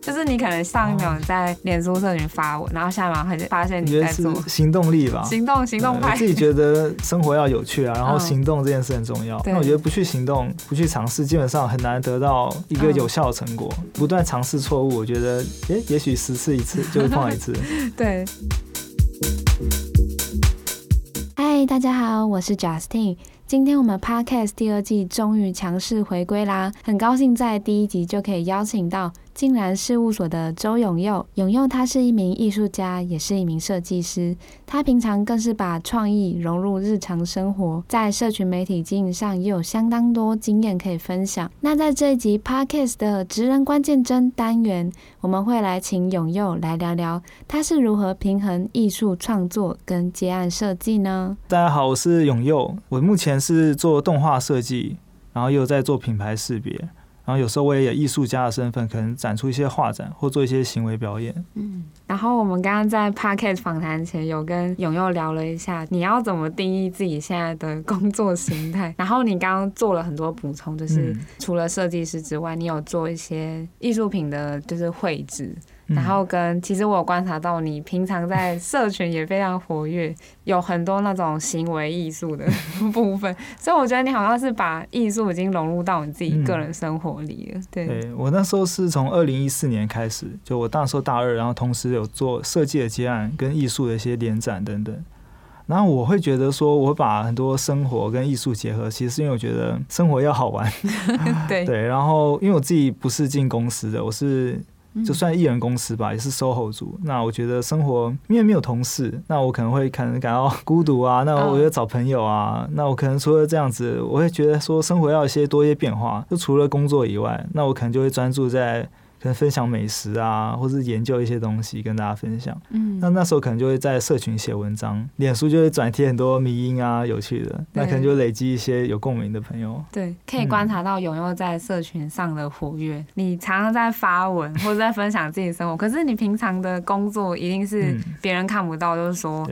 就是你可能上一秒在臉書社群發文，嗯、然後下一秒發現你在做行動，行動力吧？行動，行動派，我自己覺得生活要有趣啊，然後行動這件事很重要。但、嗯、我覺得不去行動、不去嘗試，基本上很難得到一個有效的成果。嗯、不斷嘗試錯誤，我覺得，哎、欸，也許十次一次就會碰一次。 對。嗨，大家好，我是 Justin，今天我們 Podcast 第二季終於強勢回歸啦！很高興在第一集就可以邀請到。竟然事務所的周永祐，永祐他是一名藝術家，也是一名設計師。他平常更是把創意融入日常生活，在社群媒體經營上也有相當多經驗可以分享。那在這一集 Podcast 的職人關鍵幀單元，我們會來請永祐來聊聊他是如何平衡藝術創作跟接案設計呢？大家好，我是永祐，我目前是做動畫設計，然後又在做品牌識別。然後有時候我也有藝術家的身份，可能展出一些畫展或做一些行為表演。嗯，然後我們剛剛在 Podcast 訪談前有跟永佑聊了一下，你要怎麼定義自己現在的工作形態？ 然後你剛剛做了很多補充，就是除了設計師之外，你有做一些藝術品的，就是繪製。然後跟其實我有觀察到你平常在社群也非常活躍，有很多那種行為藝術的部分， 所以我覺得你好像是把藝術已經融入到你自己個人生活裡了。對，對我那時候是從二零一四年開始，就我那時候大二，然後同時有做設計的接案跟藝術的一些聯展等等。然後我會覺得說我會把很多生活跟藝術結合，其實是因為我覺得生活要好玩。 對，對，然後因為我自己不是進公司的，我是。就算一人公司吧，嗯、也是 SOHO 族，那我覺得生活因為沒有同事，那我可能會可能感到孤獨啊。那我就找朋友啊，oh. 那我可能除了這樣子，我會覺得說生活要有一些多一些變化。就除了工作以外，那我可能就會專注在。可能分享美食啊，或是研究一些東西跟大家分享。嗯，那那時候可能就會在社群寫文章，臉書就會轉貼很多迷因啊、有趣的，對那可能就累積一些有共鳴的朋友。對，可以觀察到永佑在社群上的活躍，嗯、你常常在發文或者在分享自己生活， 可是你平常的工作一定是別人看不到，就是說。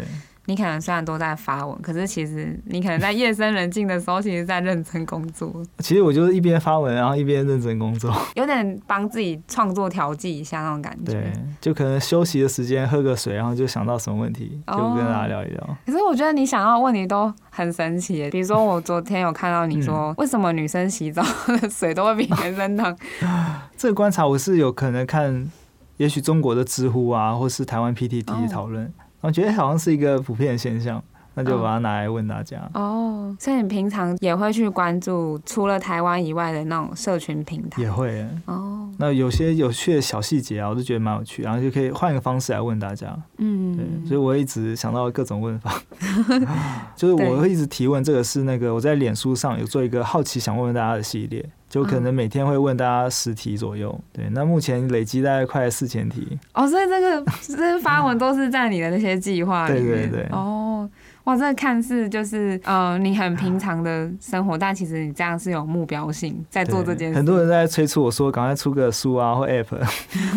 你可能雖然都在發文，可是其實你可能在夜深人靜的時候，其實在認真工作。 其實我就是一邊發文，然後一邊認真工作，有點幫自己創作調劑一下那種感覺。對，就可能休息的時間喝個水，然後就想到什麼問題，就跟大家聊一聊。哦、可是我覺得你想到問題都很神奇，比如說我昨天有看到你說， 嗯、為什麼女生洗澡的水都會比男生燙？ 這個觀察我是有可能看，也許中國的知乎啊，或是台灣 PTT 討論。哦我覺得好像是一個普遍的現象，那就把它拿來問大家。哦，所以你平常也會去關注除了台灣以外的那種社群平台，也會哦。Oh. 那有些有趣的小細節啊，我就覺得蠻有趣，然後就可以換一個方式來問大家。嗯、mm.，對，所以我一直想到各種問法， 就是我會一直提問。這個是那個我在臉書上有做一個好奇，想問問大家的系列。就可能每天會問大家十題左右，嗯、對，那目前累積大概快四千題。哦，所以這個以這個發文都是在你的那些計劃裡面、嗯。對對對。哦，哇，這個、看似就是嗯、呃，你很平常的生活，啊、但其實你這樣是有目標性在做這件事。很多人在催促我說，趕快出個書啊，或 app。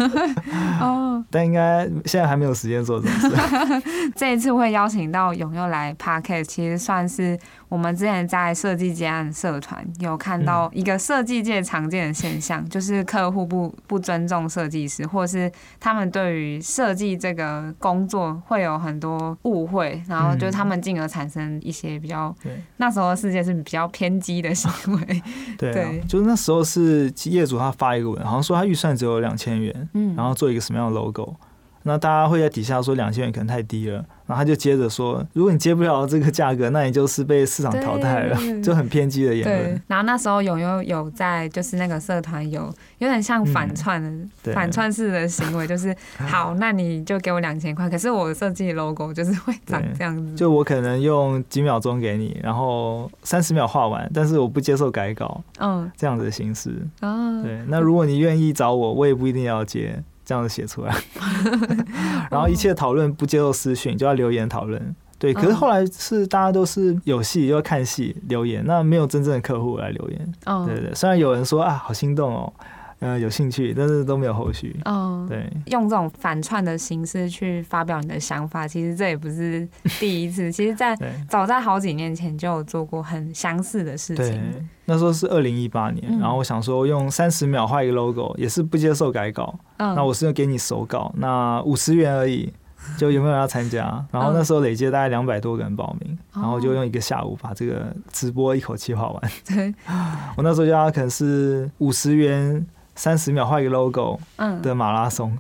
哦。 但應該現在還沒有時間做這件事呵呵。這一次會邀請到永祐來 Podcast，其實算是。我們之前在設計接案社團有看到一個設計界常見的現象，嗯、就是客戶不不尊重設計師，或者是他們對於設計這個工作會有很多誤會，然後就是他們進而產生一些比較、嗯、那時候世界是比較偏激的行為。對，啊、對，就是那時候是業主他發一個文，好像說他預算只有兩千元，嗯、然後做一個什麼樣的 logo。那大家會在底下說兩千元可能太低了，然後他就接着說，如果你接不了這個價格，那你就是被市場淘汰了， 就很偏激的言論。對，然後那時候有有有在就是那個社團有有點像反串、嗯、反串式的行為，就是好， 那你就給我兩千塊，可是我設計 logo 就是會長這樣子，就我可能用幾秒鐘給你，然後三十秒畫完，但是我不接受改稿，嗯，這樣子的形式，嗯，啊、對，那如果你願意找我，我也不一定要接。這樣子寫出來， 然後一切討論不接受私訊，就要留言討論。對，可是後來是大家都是有戲就要看戲留言，那沒有真正的客戶來留言。對對對，雖然有人說啊，好心動哦。呃，有興趣，但是都沒有後續。嗯，對，用這種反串的形式去發表你的想法，其實這也不是第一次。其實，在早在好幾年前就有做過很相似的事情。對，那時候是二零一八年，嗯、然後我想說用三十秒畫一個 logo，也是不接受改稿。嗯，那我是用給你手稿，那五十元而已，就有沒有要參加？然後那時候累計大概兩百多個人報名，嗯、然後就用一個下午把這個直播一口氣畫完。對、嗯， 我那時候叫他可能是五十元。三十秒畫一個 logo 的馬拉松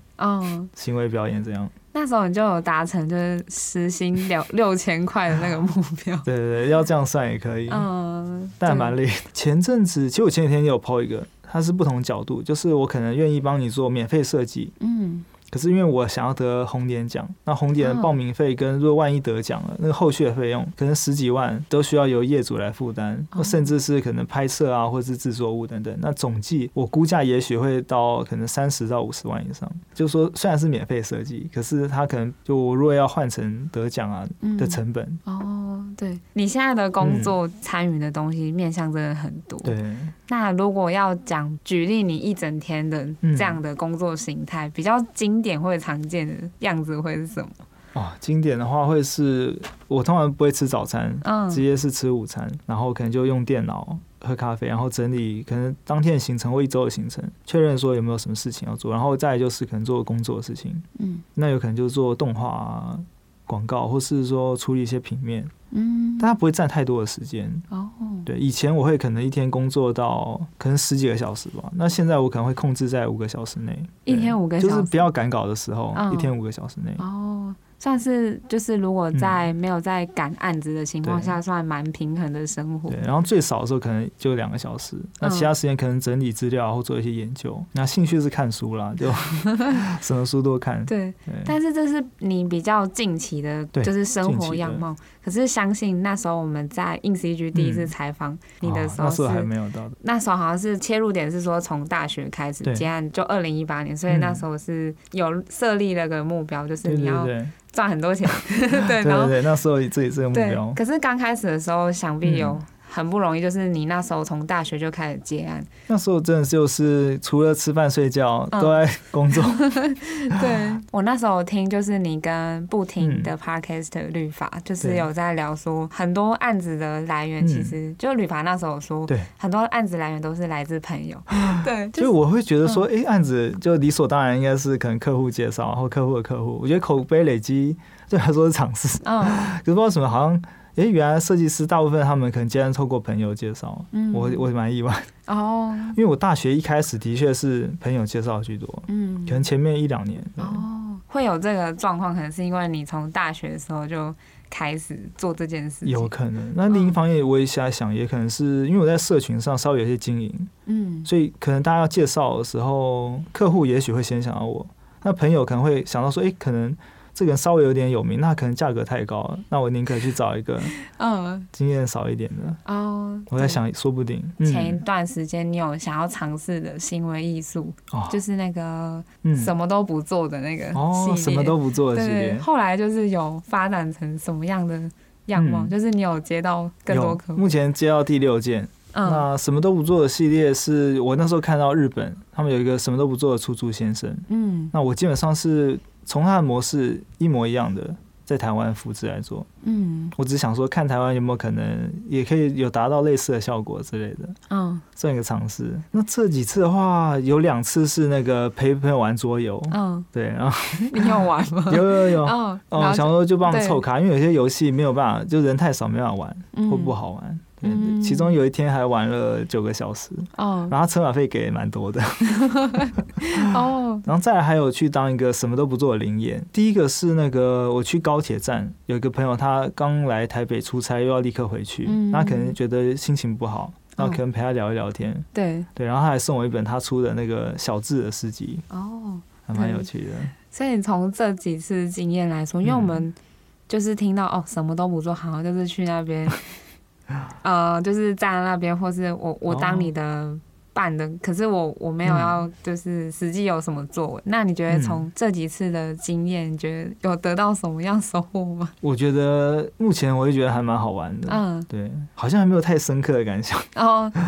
行為表演這樣？那時候你就有達成，就是時薪六千塊的那個目標。對對，要這樣算也可以。嗯，但蠻累。前陣子，其實我前幾天也有 po 一個，它是不同角度，就是我可能願意幫你做免費設計。嗯。可是因為我想要得紅點獎，那紅點的報名費跟如果萬一得獎了，那個後續的費用可能十幾萬都需要由業主來負擔，甚至是可能拍攝啊或者是製作物等等，那總計我估價也許會到可能三十到五十萬以上。就是說，雖然是免費設計，可是它可能就我若要換成得獎啊的成本。嗯，哦對你現在的工作參與的東西面向真的很多。嗯、對，那如果要講舉例，你一整天的這樣的工作形態，嗯、比較經典或者常見的樣子會是什麼？哦、啊，經典的話會是我通常不會吃早餐，嗯、直接是吃午餐，然後可能就用電腦喝咖啡，然後整理可能當天的行程或一周的行程，確認說有沒有什麼事情要做，然後再來就是可能做工作的事情。嗯，那有可能就是做動畫、啊。廣告，或是說處理一些平面，嗯，但它不會佔太多的時間。哦、對，以前我會可能一天工作到可能十幾個小時吧，那現在我可能會控制在五個小時內，一天五個小時，就是不要趕稿的時候，哦、一天五個小時內。哦算是就是，如果在沒有在趕案子的情況下，算蠻平衡的生活。對，然後最少的時候可能就兩個小時，那其他時間可能整理資料或做一些研究。那興趣是看書啦，就什麼書都看。對，但是這是你比較近期的，就是生活樣貌。可是相信那時候我們在 In CG 第一次採訪你的時候是，那時候還沒有到的。那時候好像是切入點是說從大學開始接案，就二零一八年，所以那時候是有設立了個目標，就是你要。賺很多錢， 對，然後對， 那時候以自己這個目標。可是剛開始的時候，想必有。嗯。很不容易，就是你那時候從大學就開始接案。那時候真的就是除了吃飯睡覺都在工作。對，我那時候聽就是你跟不停的 podcast 律法，就是有在聊說很多案子的來源，其實就律法那時候說，很多案子來源都是來自朋友。嗯、對，就是我會覺得說，哎，案子就理所當然應該是可能客戶介紹，然後客戶的客戶。我覺得口碑累積對，還說是嘗試，可是不知道什麼好像。哎，原來設計師大部分他們可能竟然透過朋友介紹，嗯、我我蠻意外哦。因為我大學一開始的確是朋友介紹居多，嗯，可能前面一兩年哦對會有這個狀況。可能是因為你從大學的時候就開始做這件事，有可能。那另一方面我也想一想，也可能是因為我在社群上稍微有些經營，嗯，所以可能大家要介紹的時候，客戶也許會先想到我，那朋友可能會想到說，哎，可能。這個稍微有點有名，那可能價格太高了，那我寧可去找一個嗯經驗少一點的哦。嗯、我在想，哦、說不定、嗯、前一段時間你有想要嘗試的行為藝術，哦、就是那個什麼都不做的那個哦，什麼都不做的系列。對後來就是有發展成什麼樣的樣貌？嗯、就是你有接到更多客戶？目前接到第六件。嗯、那什麼都不做的系列是我那時候看到日本他們有一個什麼都不做的出租先生。嗯，那我基本上是。從它的模式一模一樣的，在台灣複製來做。嗯，我只是想說，看台灣有沒有可能也可以有達到類似的效果之類的。嗯，算一個嘗試。那這幾次的話，有兩次是那個陪朋友玩桌遊。嗯，對，然後你有玩嗎？ 有有有。嗯，然後想說就幫忙湊卡，因為有些遊戲沒有辦法，就人太少沒辦法玩，會不好玩。嗯其中有一天還玩了九個小時哦，oh. 然後車馬費給蠻多的。哦 ，oh. 然後再來還有去當一個什麼都不做的靈驗。第一個是那個我去高鐵站，有一個朋友他剛來台北出差，又要立刻回去，oh. 他可能覺得心情不好，然後可能陪他聊一聊天。對、oh. 對，然後他還送我一本他出的那個小誌的詩集。哦，oh. 還蠻有趣的。Okay. 所以你從這幾次經驗來說，因為我們就是聽到、嗯、哦什麼都不做，好像就是去那邊。 呃，就是站在那邊，或是我我當你的伴的，哦、可是我我沒有要，就是實際有什麼作為。嗯、那你覺得從這幾次的經驗，你覺得有得到什麼樣的收穫嗎？我覺得目前我就覺得還蠻好玩的，嗯，對，好像還沒有太深刻的感想。然後、哦， 對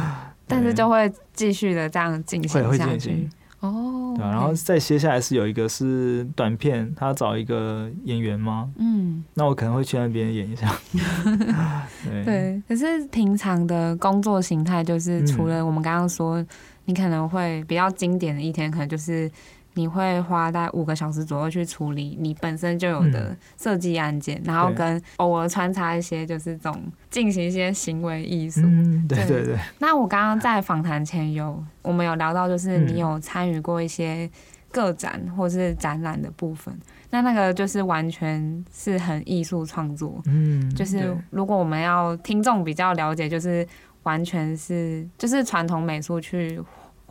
但是就會繼續的這樣進行下去。會會哦，對啊、okay 然後再接下來是有一個是短片，他找一個演員嗎？嗯。那我可能會去那邊演一下。 對，對可是平常的工作形態就是，除了我們剛剛說，嗯、你可能會比較經典的一天，可能就是你會花在五個小時左右去處理你本身就有的設計案件，嗯、然後跟偶爾穿插一些就是這種進行一些行為藝術、嗯。對對對。對那我剛剛在訪談前有我們有聊到，就是你有參與過一些個展或是展覽的部分。那那個就是完全是很藝術創作，嗯，就是如果我們要聽眾比較了解，就是完全是就是傳統美術去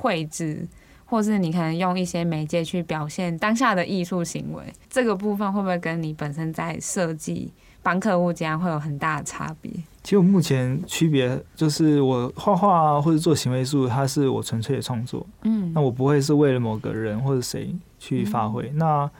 繪製，或是你可能用一些媒介去表現當下的藝術行為，這個部分會不會跟你本身在設計幫客戶這樣會有很大的差別？其實我目前區別就是我畫畫或者做行為術，它是我純粹的創作，嗯，那我不會是為了某個人或者誰去發揮、嗯、那。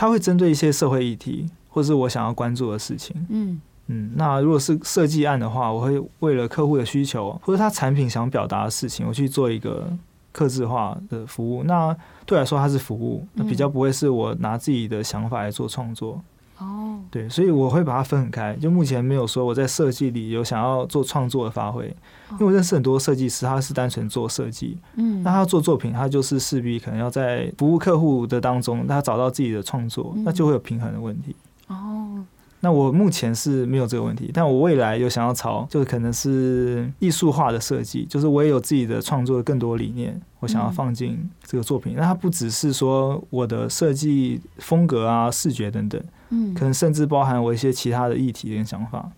它會針對一些社會議題，或是我想要關注的事情。嗯嗯，那如果是設計案的話，我會為了客戶的需求，或者他產品想表達的事情，我去做一個客製化的服務。那對來說，它是服務，那比較不會是我拿自己的想法來做創作。嗯嗯哦，對，所以我會把它分得很開。就目前沒有說我在設計裡有想要做創作的發揮，因為我認識很多設計師，他是單純做設計，嗯，那他做作品，他就是勢必可能要在服務客戶的當中，他找到自己的創作，那就會有平衡的問題。那我目前是沒有這個問題，但我未來有想要朝，就是可能是藝術化的設計，就是我也有自己的創作更多理念，我想要放進這個作品。那、嗯、它不只是說我的設計風格啊、視覺等等，嗯，可能甚至包含我一些其他的議題、跟想法。嗯、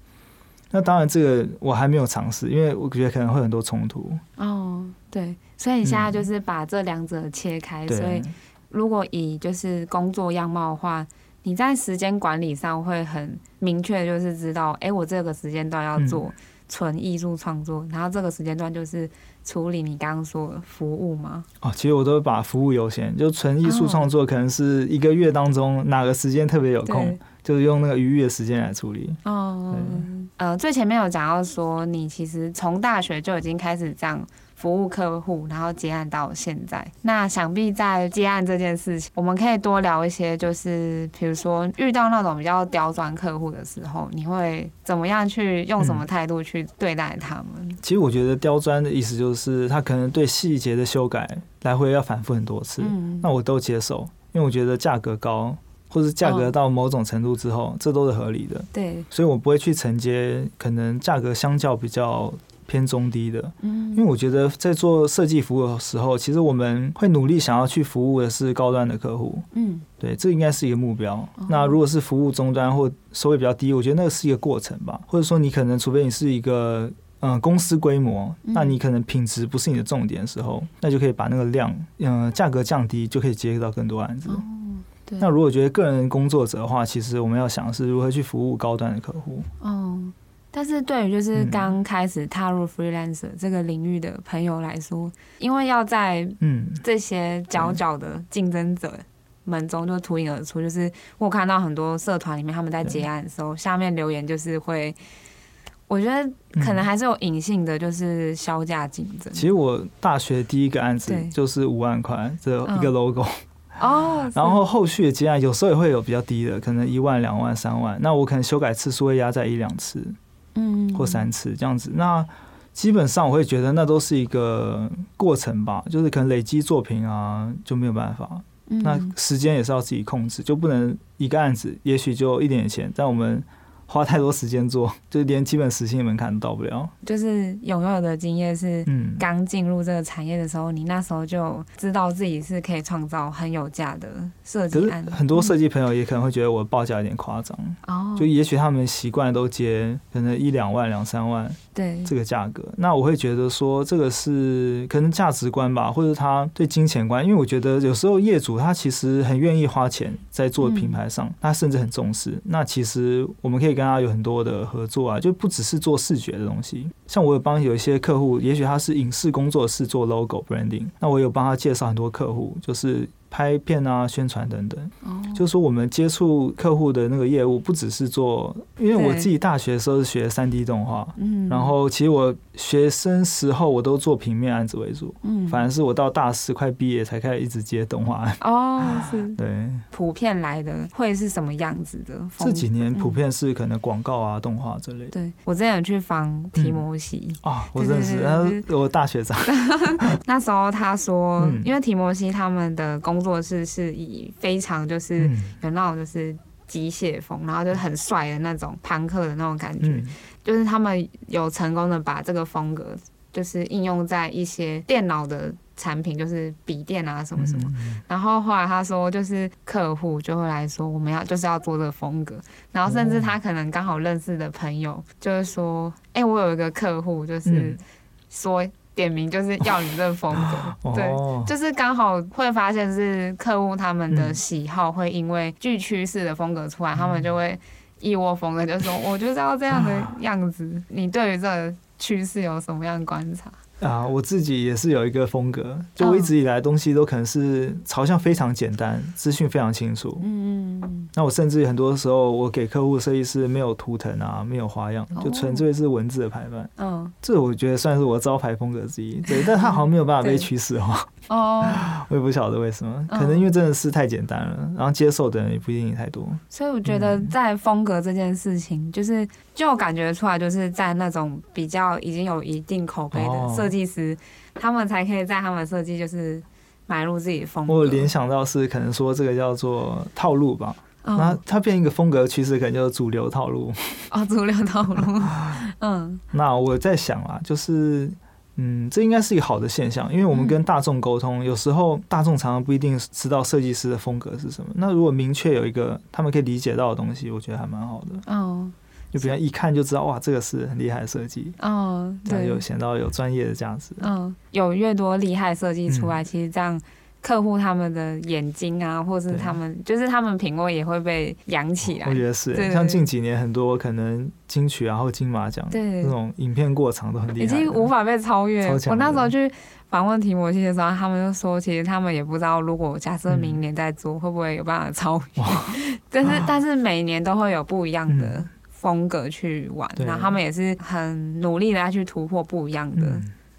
那當然，這個我還沒有嘗試，因為我覺得可能會很多衝突。哦，對，所以你現在就是把這兩者切開。嗯、所以如果以就是工作樣貌的話。你在時間管理上會很明確，就是知道，誒、欸，我這個時間段要做純藝術創作，嗯、然後這個時間段就是處理你剛剛說的服務嗎？哦，其實我都會把服務優先，就純藝術創作可能是一個月當中哪個時間特別有空，哦、就是用那個餘裕的時間來處理。哦對，嗯、呃，最前面有講到說，你其實從大學就已經開始這樣。服務客戶，然後接案到現在，那想必在接案這件事情，我們可以多聊一些，就是比如說遇到那種比較刁鑽客戶的時候，你會怎麼樣去用什麼態度去對待他們？嗯、其實我覺得刁鑽的意思就是他可能對細節的修改來回要反覆很多次，嗯、那我都接受，因為我覺得價格高或是價格到某種程度之後，哦、這都是合理的。對，所以我不會去承接可能價格相較比較。偏中低的，嗯，因為我覺得在做設計服務的時候，其實我們會努力想要去服務的是高端的客戶，嗯，對，這應該是一個目標。哦、那如果是服務中端或收益比較低，我覺得那個是一個過程吧。或者說你可能除非你是一個嗯、呃、公司規模，嗯、那你可能品質不是你的重點的時候，那就可以把那個量嗯、呃、價格降低，就可以接到更多案子。哦、那如果覺得個人工作者的話，其實我們要想是如何去服務高端的客戶嗯。哦但是對於就是剛開始踏入 freelancer 這個領域的朋友來說，嗯、因為要在嗯這些佼佼的競爭者們中就脫穎而出，就是我看到很多社團裡面他們在接案的時候，對下面留言就是會，我覺得可能還是有隱性的就是削價競爭。其實我大學第一個案子就是五萬塊這對一個 logo、嗯、哦，然後後續的接案有時候也會有比較低的，可能一萬、兩萬、三萬，那我可能修改次數會壓在一兩次。嗯，或三次這樣子，那基本上我會覺得那都是一個過程吧，就是可能累積作品啊，就沒有辦法，那時間也是要自己控制，就不能一個案子，也許就一點點錢，但我們。花太多時間做，就連基本時薪門檻都到不了。就是永祐的經驗是，剛進入這個產業的時候，嗯、你那時候就知道自己是可以創造很有價的設計案，可是很多設計朋友也可能會覺得我報價有點誇張哦。嗯、就也許他們習慣都接可能一兩萬、兩三萬，對這個價格，對那我會覺得說這個是可能價值觀吧，或者他對金錢觀，因為我覺得有時候業主他其實很願意花錢在做品牌上，嗯、他甚至很重視。那其實我們可以跟大家有很多的合作啊，就不只是做視覺的東西。像我有幫有一些客戶，也許他是影視工作室做 logo branding，那我有幫他介紹很多客戶，就是。拍片啊，宣傳等等，就是說我們接觸客戶的那個業務，不只是做，因為我自己大學的時候是學 3D 動畫，然後其實我學生時候我都做平面案子為主，反正是我到大四快畢業才開始一直接動畫案。哦，是，對，普遍來的會是什麼樣子的？這幾年普遍是可能廣告啊、動畫之類的。對，嗯，我之前有去訪提摩西啊，我認識，他是我大學長。那時候他說，因為提摩西他們的公工作室是以非常就是有那種就是機械風，嗯、然後就是很帥的那種龐克的那種感覺，嗯、就是他們有成功的把這個風格就是應用在一些電腦的產品，就是筆電啊什麼什麼。嗯、然後後來他說，就是客戶就會來說，我們要就是要做這個風格，然後甚至他可能剛好認識的朋友就是說，哎、嗯，欸、我有一個客戶就是說。點名就是要你這風格，對，就是剛好會發現是客戶他們的喜好會因為具趨勢的風格出來，他們就會一窩蜂的就說，我就是要這樣的樣子。你對於這趨勢有什麼樣的觀察？啊，uh, 我自己也是有一個風格，就我一直以來的東西都可能是朝向非常簡單，資訊、oh. 非常清楚。嗯、mm，hmm. 那我甚至很多時候，我給客戶設計師沒有圖騰啊，沒有花樣，oh. 就純粹是文字的排版。嗯，oh. 這我覺得算是我招牌風格之一。對，oh. 對，但它好像沒有辦法被驅使哦， oh. 我也不曉得為什麼，可能因為真的是太簡單了，oh. 然後接受的人也不一定太多。所以我覺得在風格這件事情，嗯、就是。就感覺出來，就是在那種比較已經有一定口碑的設計師，哦、他們才可以在他們設計就是埋入自己的風格。我聯想到是，可能說這個叫做套路吧。那、哦、它變一個風格，其實可能就是主流套路。啊、哦，主流套路。 嗯。那我在想啊，就是嗯，這應該是一個好的現象，因為我們跟大眾溝通，嗯、有時候大眾常常不一定知道設計師的風格是什麼。那如果明確有一個他們可以理解到的東西，我覺得還蠻好的。哦。就別人一看就知道，哇，這個是很厲害的設計，嗯，對，有顯到有專業的這樣子，嗯，有越多厲害設計出來，其實這樣客戶他們的眼睛啊，或者是他們就是他們品味也會被揚起來。我覺得是，像近幾年很多可能金曲然後金馬獎，對，那種影片過場都很厲害，已經無法被超越。我那時候去訪問提摩西的時候，他們就說，其實他們也不知道，如果假設明年再做，會不會有辦法超越？但是但是每年都會有不一樣的風格去玩，對然後他們也是很努力的要去突破不一樣的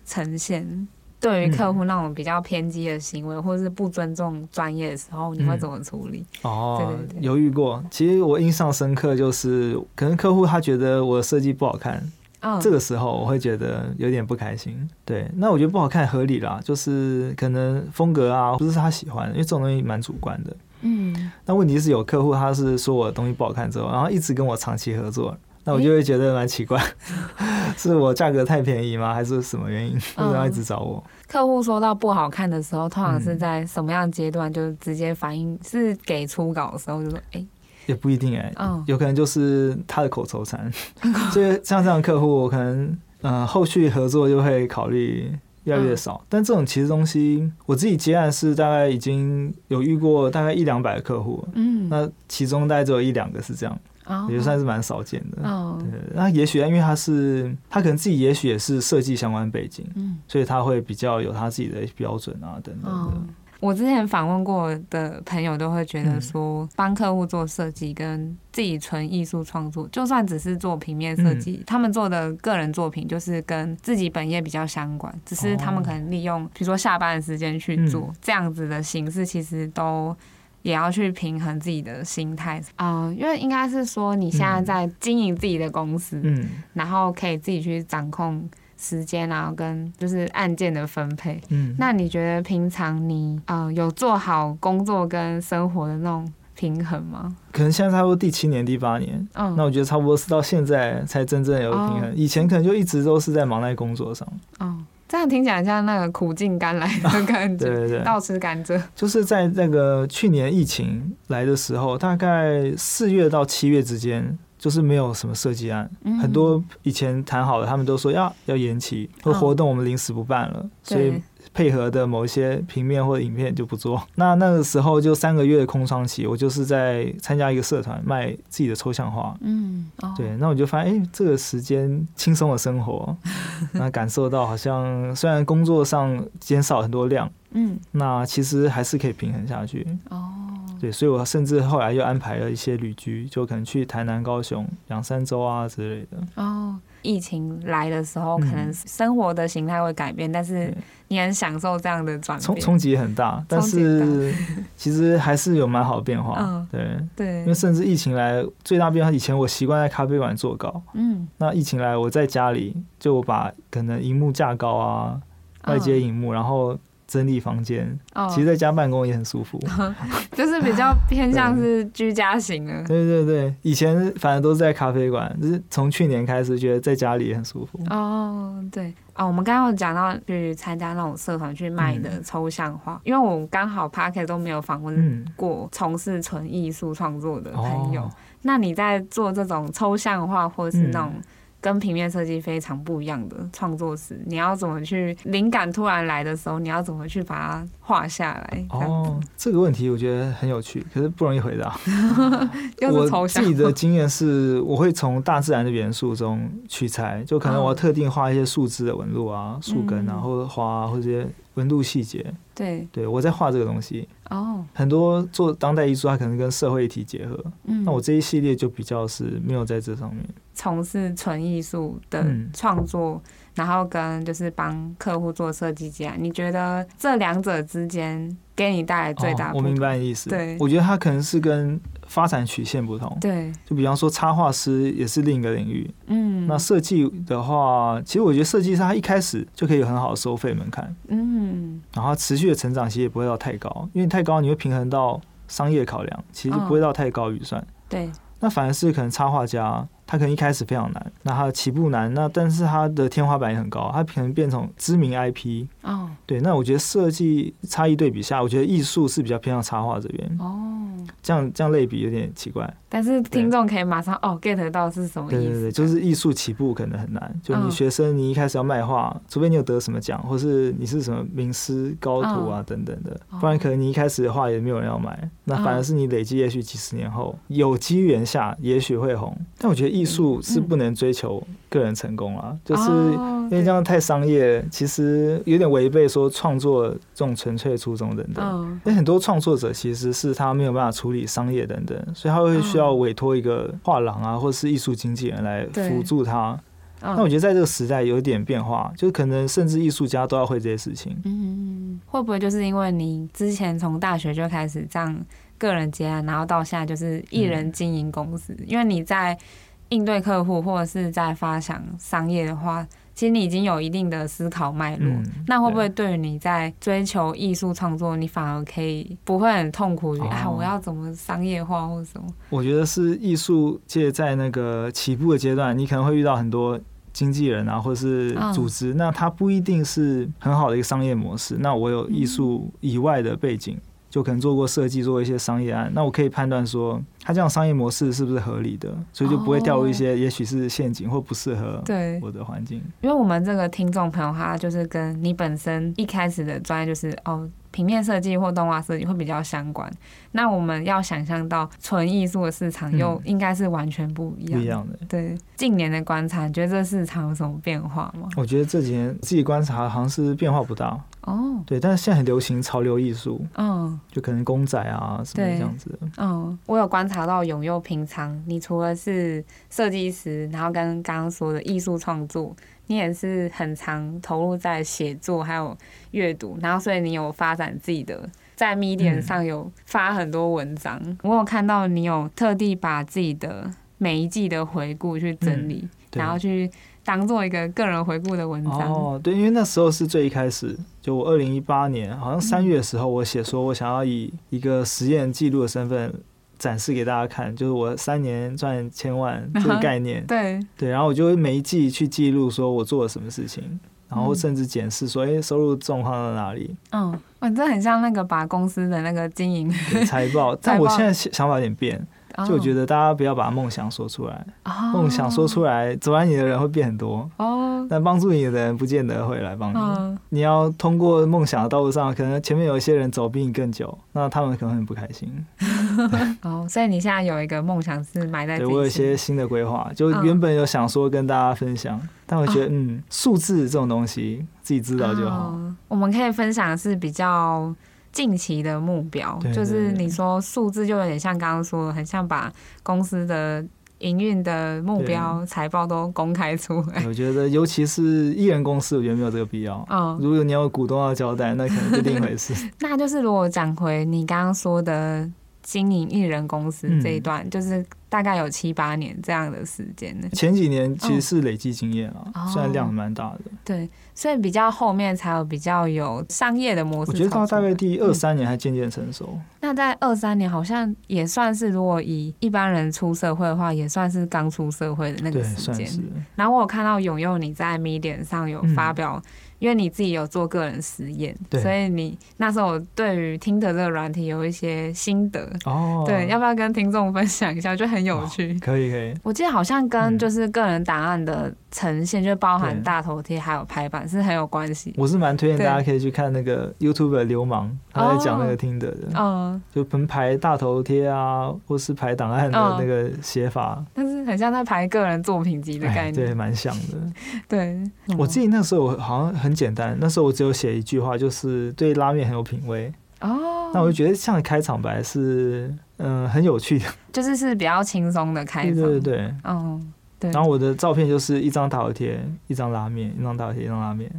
呈現。嗯、對於客戶那種比較偏激的行為，嗯、或者是不尊重專業的時候，你會怎麼處理？哦，對對對，有遇過。其實我印象深刻就是，可能客戶他覺得我設計不好看，嗯、這個時候我會覺得有點不開心。對，那我覺得不好看合理啦，就是可能風格啊不是他喜歡，因為這種東西蠻主觀的。嗯，那問題是有客戶他是說我的東西不好看之後，然後一直跟我長期合作，那我就會覺得蠻奇怪，欸、 是我價格太便宜嗎？還是什麼原因？然後、嗯、一直找我？客戶說到不好看的時候，通常是在什麼樣階段？就直接反應是給出稿的時候就說，哎、欸，也不一定哎、欸，嗯、有可能就是他的口頭禪，所以、嗯、 像這樣客戶，我可能嗯、呃、後續合作就會考慮。越來越少，uh. 但這種其實東西，我自己接案是大概已經有遇過大概一兩百個客戶，嗯，那其中大概只有一兩個是這樣，oh. 也算是蠻少見的。Oh. 對，對，對，那也許因為他是他可能自己也許也是設計相關背景，嗯，所以他會比較有他自己的標準啊等等的。Oh. 我之前訪問過的朋友都會覺得說，幫客戶做設計跟自己純藝術創作，就算只是做平面設計，他們做的個人作品就是跟自己本業比較相關，只是他們可能利用比如說下班的時間去做這樣子的形式，其實都也要去平衡自己的心態啊。因為應該是說你現在在經營自己的公司，然後可以自己去掌控。時間，然後跟就是案件的分配。嗯，那你覺得平常你呃有做好工作跟生活的那種平衡嗎？可能現在差不多第七年、第八年。嗯，那我覺得差不多是到現在才真正有平衡。哦，以前可能就一直都是在忙在工作上。哦，這樣聽起來像那個苦盡甘來的感覺。對對對，倒吃甘蔗。就是在那個去年疫情來的時候，大概四月到七月之間。就是沒有什麼設計案，很多以前談好的，他們都說要要延期，或活動我們臨時不辦了，所以配合的某一些平面或者影片就不做。那那個時候就三個月的空窗期，我就是在參加一個社團賣自己的抽象畫。嗯，對，那我就發現，哎，這個時間輕鬆的生活，那感受到好像雖然工作上減少很多量，嗯，那其實還是可以平衡下去。對，所以我甚至後來又安排了一些旅居，就可能去台南、高雄兩三週啊之類的。哦，疫情來的時候，可能生活的形態會改變，嗯、但是你很享受這樣的狀態？衝衝擊很大，但是其實還是有蠻好的變化。對，嗯、對，因為甚至疫情來最大變化，以前我習慣在咖啡館做稿，嗯，那疫情來我在家裡就我把可能熒幕架高啊，外接熒幕，哦、然後。整理房間，oh, 其實在家辦公也很舒服，就是比較偏向是居家型的。 對，對對對，以前反正都是在咖啡館，就是從去年開始覺得在家裡也很舒服。哦、oh,，對啊，我們剛剛有講到去參加那種社團去賣的抽象畫，嗯、因為我剛好 podcast 都沒有訪問過從事純藝術創作的朋友，哦、那你在做這種抽象畫或是那種、嗯？跟平面設計非常不一樣的創作時，你要怎麼去靈感突然來的時候，你要怎麼去把它畫下來？哦，看這個問題我覺得很有趣，可是不容易回答。 是我自己的經驗是，我會從大自然的元素中取材，就可能我要特定畫一些樹枝的紋路啊、樹、嗯、根啊，或者花、啊，或者這些。紋路細節，對對，我在畫這個東西哦，oh、很多做當代藝術，它可能跟社會議題結合，嗯，那我這一系列就比較是沒有在這上面從事純藝術的創作，嗯、然後跟就是幫客戶做設計這樣，你覺得這兩者之間？給你帶來最大、哦。我明白你意思。對。我覺得他可能是跟發展曲線不同。對。就比方說，插畫師也是另一個領域。嗯。那設計的話，其實我覺得設計師他一開始就可以有很好的收費門檻。嗯。然後持續的成長其實也不會到太高，因為太高你會平衡到商業考量，其實不會到太高預算。哦、對。那反而是可能插畫家，他可能一開始非常難，那他起步難，那但是他的天花板也很高，他可能變成知名 IP。哦，oh. 對，那我覺得設計差異對比下，我覺得藝術是比較偏向插畫這邊。哦，oh. 這樣這樣類比有點奇怪。但是聽眾可以馬上對哦 get 到是什麼意思，啊？對對對，就是藝術起步可能很難。就你學生，你一開始要賣畫，oh. 除非你有得什麼獎，或是你是什麼名師高徒啊，oh. 等等的，不然可能你一開始的畫也沒有人要買。那反而是你累積，也許幾十年後，oh. 有機緣下，也許會紅。但我覺得藝術是不能追求個人成功啦，oh. 就是。因為這樣太商業，其實有點違背說創作這種純粹的初衷等等。那、oh. 很多創作者其實是他沒有辦法處理商業等等，所以他會需要委托一個畫廊啊，或者是藝術經紀人來輔助他。Oh. 那我覺得在這個時代有點變化，就是可能甚至藝術家都要會這些事情。嗯，會不會就是因為你之前從大學就開始這樣個人接案、啊，然後到現在就是一人經營公司？嗯、因為你在應對客戶或者是在發展商業的話。其實你已經有一定的思考脈絡，嗯、那會不會對於你在追求藝術創作，你反而可以不會很痛苦於、哦、啊，我要怎麼商業化或什麼？我覺得是藝術界在那個起步的階段，你可能會遇到很多經紀人啊，或是組織，嗯、那它不一定是很好的一個商業模式。那我有藝術以外的背景。就可能做過設計，做過一些商業案，那我可以判斷說，他這樣商業模式是不是合理的，所以就不會掉入一些也許是陷阱或不適合我的環境。哦。因為我們這個聽眾朋友，他就是跟你本身一開始的專業就是哦。平面設計或動畫設計會比較相關。那我們要想象到純藝術的市場，又應該是完全不一樣。不、嗯、一樣的。對，近年的觀察，覺得這市場有什麼變化嗎？我覺得這幾年自己觀察，好像是變化不大。哦。對，但是現在很流行潮流藝術。嗯、哦。就可能公仔啊什麼這樣子。嗯、哦，我有觀察到永祐平常，你除了是設計師，然後跟剛剛說的藝術創作。你也是很常投入在寫作還有閱讀，然後所以你有發展自己的，在 Medium 上有發很多文章。嗯、我有看到你有特地把自己的每一季的回顧去整理，嗯、然後去當做一個個人回顧的文章。哦，對，因為那時候是最一開始，就我二零一八年好像三月的時候，我寫說我想要以一個實驗記錄的身份，展示給大家看，就是我三年賺千萬這個概念，嗯、對對。然後我就會每一季去記錄，說我做了什麼事情，然後甚至檢視說，哎、嗯欸，收入狀況在哪裡？嗯，反、哦、正很像那個把公司的那個經營財報。 報但我現在想法有點變，哦、就我覺得大家不要把夢想說出來，夢、哦、想說出來，阻礙你的人會變很多。哦，但幫助你的人不見得會來幫你。嗯、你要通過夢想的道路上，可能前面有一些人走比你更久，那他們可能很不開心。哦，對 oh, 所以你現在有一個夢想是埋在這對我有一些新的規劃，就原本有想說、oh. 跟大家分享，但我覺得、oh. 嗯，數字這種東西自己知道就好。Oh. Oh. 我們可以分享的是比較近期的目標，對對對對，就是你說數字就有點像剛剛說的，很像把公司的營運的目標、財對報都公開出來。我覺得，尤其是藝人公司，我覺得沒有這個必要啊。Oh. 如果你有股東要交代，那肯定是另一回事。 那就是如果講回你剛剛說的。經營一人公司這一段，嗯、就是大概有七八年這樣的時間呢，前幾年其實是累積經驗啊，哦、雖然量蠻大的。對，所以比較後面才有比較有商業的模式。我覺得到大概第二三年還漸漸成熟。嗯、那在二三年好像也算是，如果以一般人出社會的話，也算是剛出社會的那個時間。是，然後我有看到永佑你在 Medium 上有發表、嗯。因為你自己有做個人實驗，所以你那時候對於聽德這個軟體有一些心得哦。對，要不要跟聽眾分享一下？就很有趣。可以可以。我記得好像跟就是個人檔案的呈現，就包含大頭貼還有排版是很有關係。我是蠻推薦大家可以去看那個 YouTuber 流氓，他在講那個聽德的，就可能排大頭貼啊，或是排檔案的那個寫法。但是很像在排個人作品集的概念，對，蠻像的。對，我記得那時候我好像很。簡單，那時候我只有寫一句話，就是對拉麵很有品味哦。那、oh, 我就覺得像開場白是嗯、呃、很有趣的，就是是比較輕鬆的開場。對對對，oh, 對。然後我的照片就是一張大頭貼，一張拉麵，一張大頭貼，一張拉麵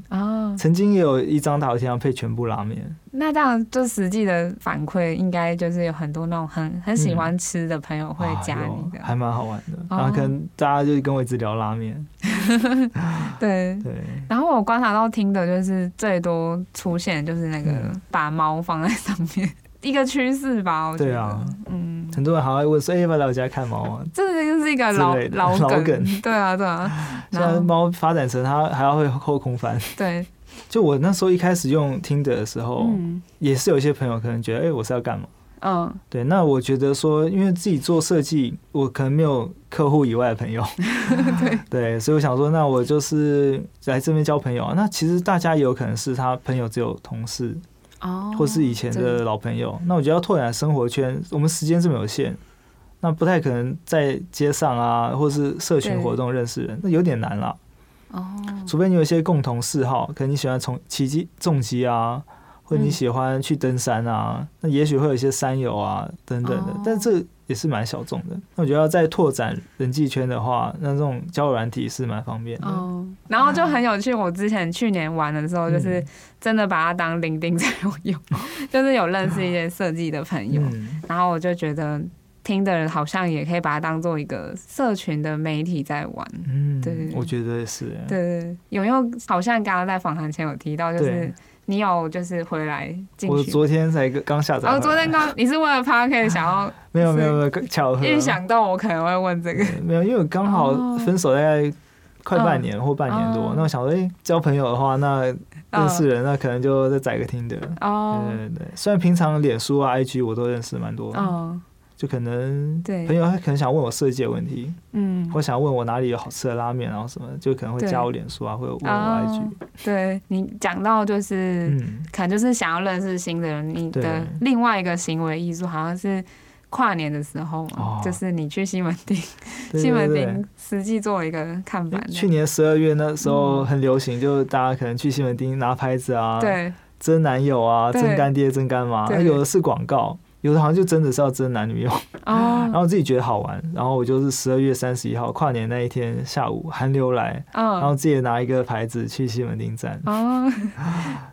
曾經有一張大頭貼要配全部拉麵，那這樣就實際的反饋應該就是有很多那種很很喜歡吃的朋友會加你，還蠻好玩的。然後可能大家就跟我一直聊拉麵，對對。然後我觀察到聽的就是最多出現就是那個把貓放在上面，一個趨勢吧，我覺得。對啊，嗯，很多人好像問說，要不要來我家看貓啊，這個就是一個老老梗，對啊對啊。然後貓發展成它還要會後空翻，對。就我那時候一開始用 Tinder 的時候，嗯、也是有一些朋友可能覺得，誒、欸，我是要幹嘛？嗯，對。那我覺得說，因為自己做設計，我可能沒有客戶以外的朋友。 對，對所以我想說，那我就是來這邊交朋友、啊。那其實大家也有可能是他朋友，只有同事、哦，或是以前的老朋友。對那我覺得要拓展生活圈，我們時間這麼有限，那不太可能在街上啊，或是社群活動認識人，對那有點難啦。哦，oh. 除非你有一些共同嗜好，可能你喜歡從騎機、重機啊，或你喜歡去登山啊，嗯、那也許會有一些山友啊等等的，oh. 但這也是蠻小眾的。那我覺得要再拓展人際圈的話，那這種交友軟體是蠻方便的。Oh. 然後就很有趣，我之前去年玩的時候，就是真的把它當 LinkedIn 在用，嗯、 就是有認識一些設計的朋友， 嗯、然後我就覺得。聽的人好像也可以把它當做一個社群的媒體在玩，嗯，對，我覺得也是，對對，有沒有好像剛剛在訪談前有提到，就是你有就是回來進，我昨天才剛下載，我、哦、昨天剛你是為了 p a r 想要、啊，沒有沒有沒有巧合，因為想到我可能會問這個，沒有，因為我剛好分手大概快半年或半年多，哦哦、那我想說，哎、欸，交朋友的話，那認識人、哦、那可能就再載個聽的哦，對，對對對，雖然平常臉書啊 IG 我都認識蠻多的，嗯、哦。可能朋友他可能想問我設計的問題，嗯，或想問我哪裡有好吃的拉麵，然後什麼就可能會加我臉書啊，會問我 IG。對，你講到就是，可能就是想要認識新的人，你的另外一個行為藝術好像是跨年的時候，就是你去西門町，西門町實際做一個看板。去年十二月那時候很流行，就大家可能去西門町拿牌子啊，對，徵男友啊，徵乾爹，徵乾媽，有的是廣告。有的好像就真的是要徵男女友啊，oh。然後自己覺得好玩，然後我就是十二月三十一號跨年那一天下午，寒流來啊，oh。然後自己拿一個牌子去西門町站啊，oh。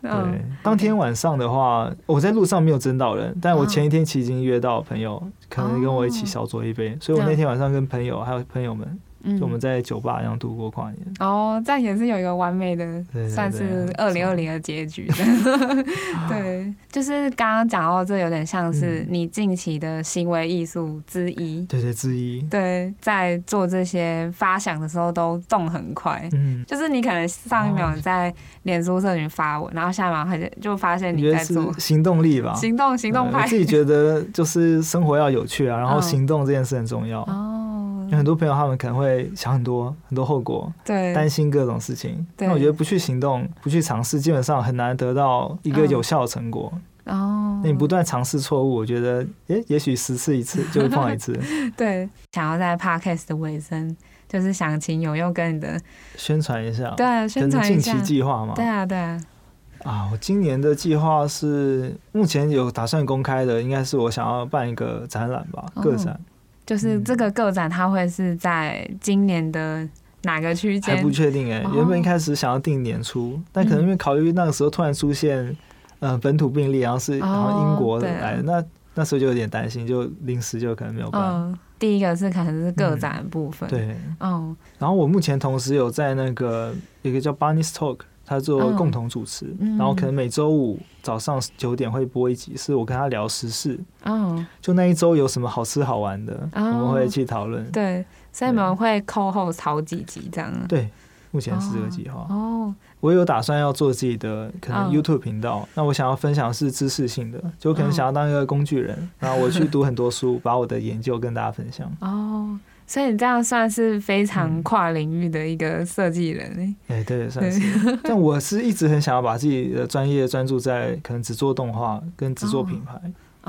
對，oh。當天晚上的話，我在路上沒有徵到人，但我前一天其實已經約到朋友，可能跟我一起小酌一杯，oh。所以我那天晚上跟朋友還有朋友們。嗯、就我們在酒吧這樣度過跨年哦，這樣也是有一個完美的，對對對啊，算是二零二零的結局的 對，就是剛剛講到這，有點像是你近期的行為藝術之一，嗯、對，對對，之一。對，在做這些發想的時候都動很快，嗯，就是你可能上一秒在臉書社群發文，嗯、然後下一秒就就發現你在做行動，行動力吧，行動行動派。自己覺得就是生活要有趣啊，然後行動這件事很重要。嗯哦有很多朋友，他們可能會想很多很多後果，對，擔心各種事情。那對我覺得不去行動，不去嘗試，基本上很難得到一個有效的成果。哦。那你不斷嘗試錯誤，我覺得，欸、也也許十次一次就會碰一次。 對，想要在 Podcast 的尾聲，就是想請永佑跟你的宣傳一下，對、啊，宣傳近期計劃嘛。對啊，對啊。啊，我今年的計劃是，目前有打算公開的，應該是我想要辦一個展覽吧，個展。就是這個個展，它會是在今年的哪個區間還不確定，哎、欸。原本，一開始想要定年初，哦、但可能因為考慮那個時候突然出現，嗯、呃，本土病例，然後是然後英國來的，哦、那那時候就有點擔心，就臨時就可能沒有辦法。嗯第一個是可能是個展部分，嗯、對，哦。Oh, 然後我目前同時有在那個一個叫 Bunny's Talk，他做共同主持，oh, 然後可能每週五早上九點會播一集，是我跟他聊時事，哦，oh, 就那一週有什麼好吃好玩的，oh, 我們會去討論，對，所以你們會扣後超幾集這樣。對。目前是這個計劃哦，我有打算要做自己的可能 YouTube 頻道。那我想要分享是知識性的，就可能想要當一個工具人，然後我去讀很多書，把我的研究跟大家分享。哦，所以你這樣算是非常跨領域的一個設計人誒。對，算是。但我是一直很想要把自己的專業專注在可能只做動畫跟只做品牌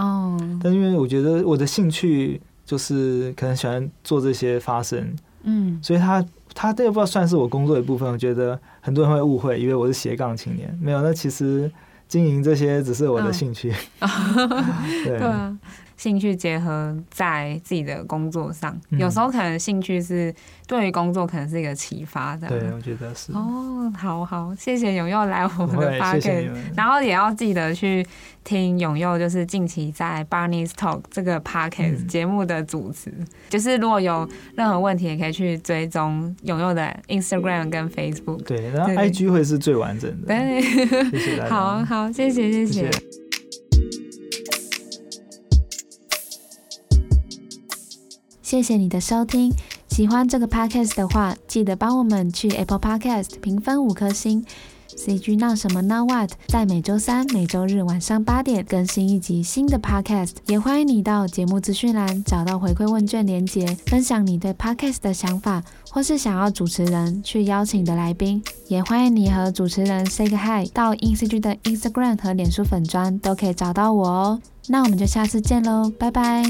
哦。但因為我覺得我的興趣就是可能喜歡做這些發聲，嗯，所以他。他，這個不知道算是我工作一部分，我覺得很多人會誤會，以為我是斜槓青年。沒有，那其實經營這些只是我的興趣。哦、 對。 對啊興趣結合在自己的工作上，嗯、有時候可能興趣是對於工作可能是一個啟發的。對，我覺得是。哦，好好，謝謝永佑來我們的 podcast，然後也要記得去聽永佑，就是近期在 Barney's Talk 這個 podcast、嗯、節目的主持。就是如果有任何問題，也可以去追蹤永佑的 Instagram 跟 Facebook。對，然後 IG 會是最完整的。對 謝謝，好好，謝謝謝謝。謝謝謝謝你的收聽，喜歡這個 podcast 的話，記得幫我們去 Apple Podcast 評分五顆星。CG Know 什麼 Know What 在每周三、每周日晚上八點更新一集新的 podcast，也歡迎你到節目資訊欄找到回饋問卷連結，分享你對 podcast 的想法，或是想要主持人去邀請的來賓，也歡迎你和主持人 say 個 hi。到 INCG 的 Instagram 和臉書粉專都可以找到我哦。那我們就下次見嘍，拜拜。